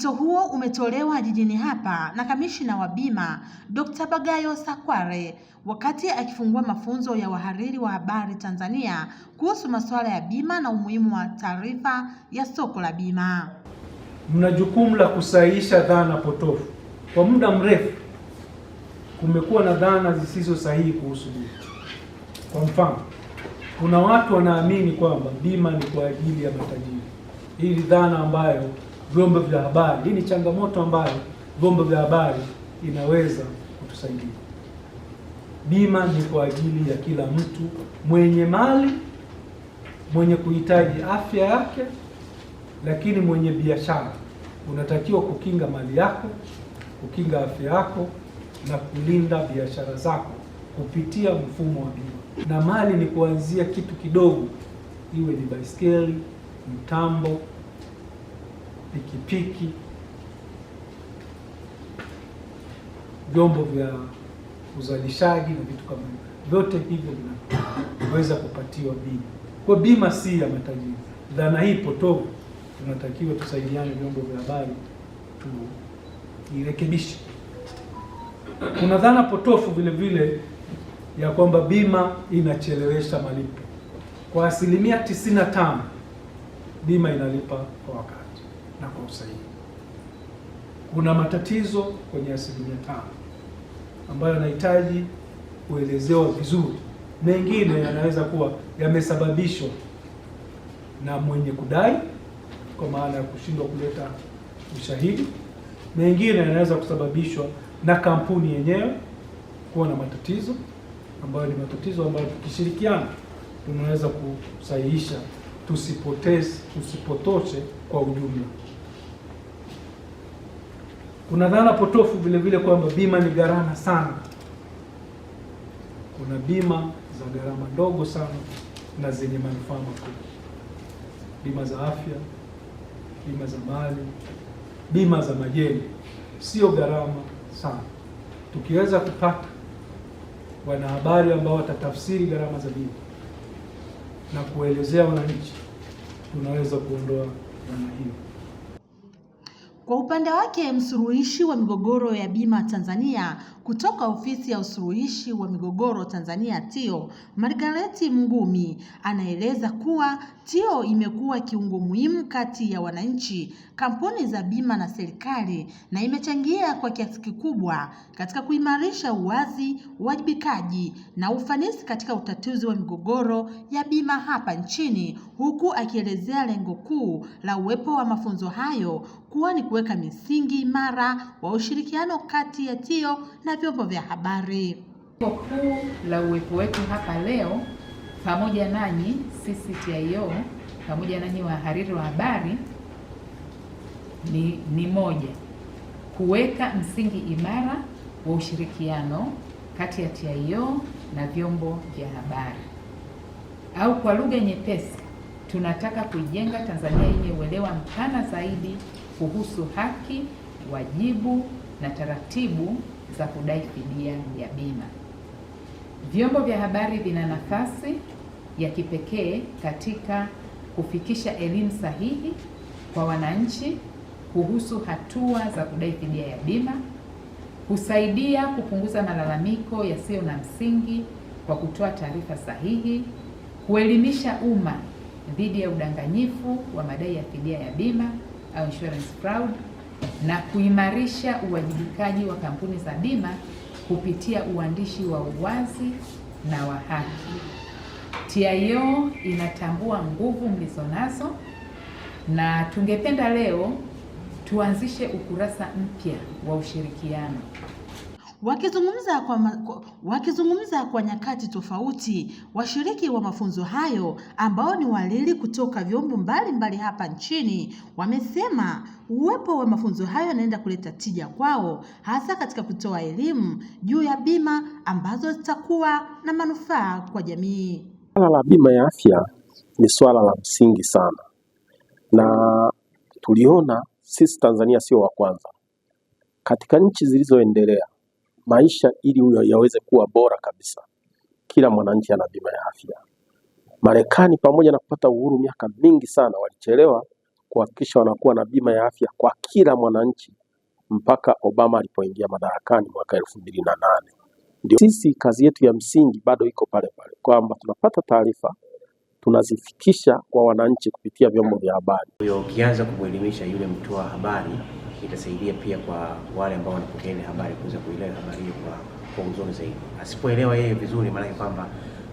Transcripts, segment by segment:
Wito huo umetolewa jijini hapa na kamishina wa bima Dr. Bagayo Sakware wakati akifungua mafunzo ya wahariri wa habari Tanzania kuhusu masuala ya bima na umuhimu wa taarifa ya soko la bima. Mna jukumu la kusahihisha dhana potofu. Kwa muda mrefu kumekuwa na dhana zisizo sahihi kuhusu bima. Kwa mfano, kuna watu wanaamini kwamba bima ni kwa ajili ya matajiri. Hii dhana ambayo vyombo vya habari. Hii ni changamoto ambayo vyombo vya habari inaweza kutusaidia. Bima ni kwa ajili ya kila mtu mwenye mali, mwenye kuhitaji afya yake, lakini mwenye biashara unatakiwa kukinga mali yako, kukinga afya yako na kulinda biashara zako kupitia mfumo wa bima. Na mali ni kuanzia kitu kidogo, iwe ni baiskeli, mtambo pikipiki, vyombo vya uzalishaji na vitu kama hivyo, vyote hivyo vinaweza kupatiwa bima. Kwa bima si ya matajiri, dhana hii potovu. Tunatakiwa tusaidiane, vyombo vya habari tuirekebishe. Kuna dhana potofu vile vile ya kwamba bima inachelewesha malipo. Kwa asilimia 95 bima inalipa kwa wakati na kwa usahihi. Kuna matatizo kwenye asilimia tano ambayo yanahitaji kuelezewa vizuri, mengine yanaweza kuwa yamesababishwa na mwenye kudai kwa maana ya kushindwa kuleta ushahidi, mengine yanaweza kusababishwa na kampuni yenyewe kuwa na matatizo ambayo ni matatizo ambayo tukishirikiana tunaweza kusahihisha tusipoteze, tusipotoshe kwa ujumla. Kuna dhana potofu vile vile kwamba bima ni gharama sana. Kuna bima za gharama ndogo sana na zenye manufaa makubwa: bima za afya, bima za mali, bima za majengo. Sio gharama sana, tukiweza kupata wanahabari ambao watatafsiri gharama za bima na kuelezea wananchi, tunaweza kuondoa namna hiyo. Kwa upande wake, msuluhishi wa migogoro ya bima Tanzania kutoka ofisi ya usuluhishi wa migogoro Tanzania TIO, Margareti Mngumi anaeleza kuwa TIO imekuwa kiungo muhimu kati ya wananchi, kampuni za bima na serikali na imechangia kwa kiasi kikubwa katika kuimarisha uwazi, uwajibikaji na ufanisi katika utatuzi wa migogoro ya bima hapa nchini, huku akielezea lengo kuu la uwepo wa mafunzo hayo kuwa ni kuweka misingi imara wa ushirikiano kati ya TIO na vyombo vya habari. Kuu la uwepo wetu hapa leo pamoja nanyi sisi TIO pamoja nanyi wahariri wa habari ni, ni moja kuweka msingi imara wa ushirikiano kati ya TIO na vyombo vya habari, au kwa lugha nyepesi, tunataka kuijenga Tanzania yenye uelewa mpana zaidi kuhusu haki, wajibu na taratibu za kudai fidia ya bima. Vyombo vya habari vina nafasi ya kipekee katika kufikisha elimu sahihi kwa wananchi kuhusu hatua za kudai fidia ya bima, husaidia kupunguza malalamiko yasiyo na msingi kwa kutoa taarifa sahihi, kuelimisha umma dhidi ya udanganyifu wa madai ya fidia ya bima au insurance fraud na kuimarisha uwajibikaji wa kampuni za bima kupitia uandishi wa uwazi na wa haki. TIO inatambua nguvu mlizonazo na tungependa leo tuanzishe ukurasa mpya wa ushirikiano. Wakizungumza kwa, ma... wakizungumza kwa nyakati tofauti, washiriki wa mafunzo hayo ambao ni walili kutoka vyombo mbalimbali hapa nchini wamesema uwepo wa mafunzo hayo yanaenda kuleta tija kwao, hasa katika kutoa elimu juu ya bima ambazo zitakuwa na manufaa kwa jamii. Swala la bima ya afya ni swala la msingi sana, na tuliona sisi Tanzania sio wa kwanza katika nchi zilizoendelea maisha ili huyo yaweze kuwa bora kabisa. Kila mwananchi ana bima ya afya. Marekani pamoja na kupata uhuru miaka mingi sana, walichelewa kuhakikisha wanakuwa na bima ya afya kwa kila mwananchi mpaka Obama alipoingia madarakani mwaka elfu mbili na nane. Ndio sisi kazi yetu ya msingi bado iko pale pale, kwamba tunapata taarifa tunazifikisha kwa wananchi kupitia vyombo vya habari. Ukianza kumwelimisha yule mtoa habari itasaidia pia kwa wale ambao wanapokea ile habari kuweza kuelewa habari hiyo kwa, kwa uzuri zaidi. Asipoelewa yeye vizuri, maanake kwamba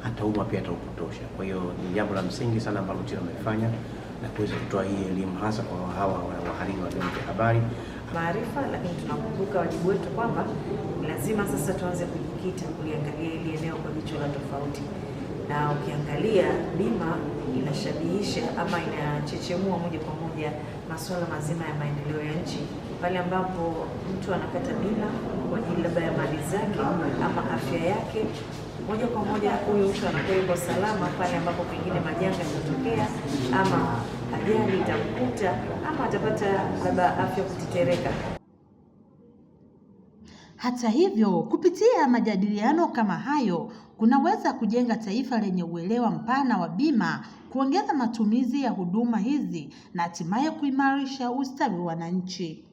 hatauma pia ataupotosha. Kwa hiyo ni jambo la msingi sana ambalo TIRA amefanya na kuweza kutoa hii elimu hasa kwa hawa wahariri wa vyombo vya habari maarifa, lakini tunakumbuka wajibu wetu kwamba lazima sasa tuanze kujikita kuliangalia ili eneo kwa jicho la tofauti na ukiangalia bima inashabihisha ama inachechemua moja kwa moja masuala mazima ya maendeleo ya nchi pale ambapo mtu anakata bima kwa ajili labda ya mali zake ama afya yake, moja kwa moja huyu mtu anakuwa yuko salama pale ambapo pengine majanga yatatokea ama ajali itamkuta ama atapata labda afya kutetereka. Hata hivyo, kupitia majadiliano kama hayo kunaweza kujenga taifa lenye uelewa mpana wa bima, kuongeza matumizi ya huduma hizi na hatimaye kuimarisha ustawi wa wananchi.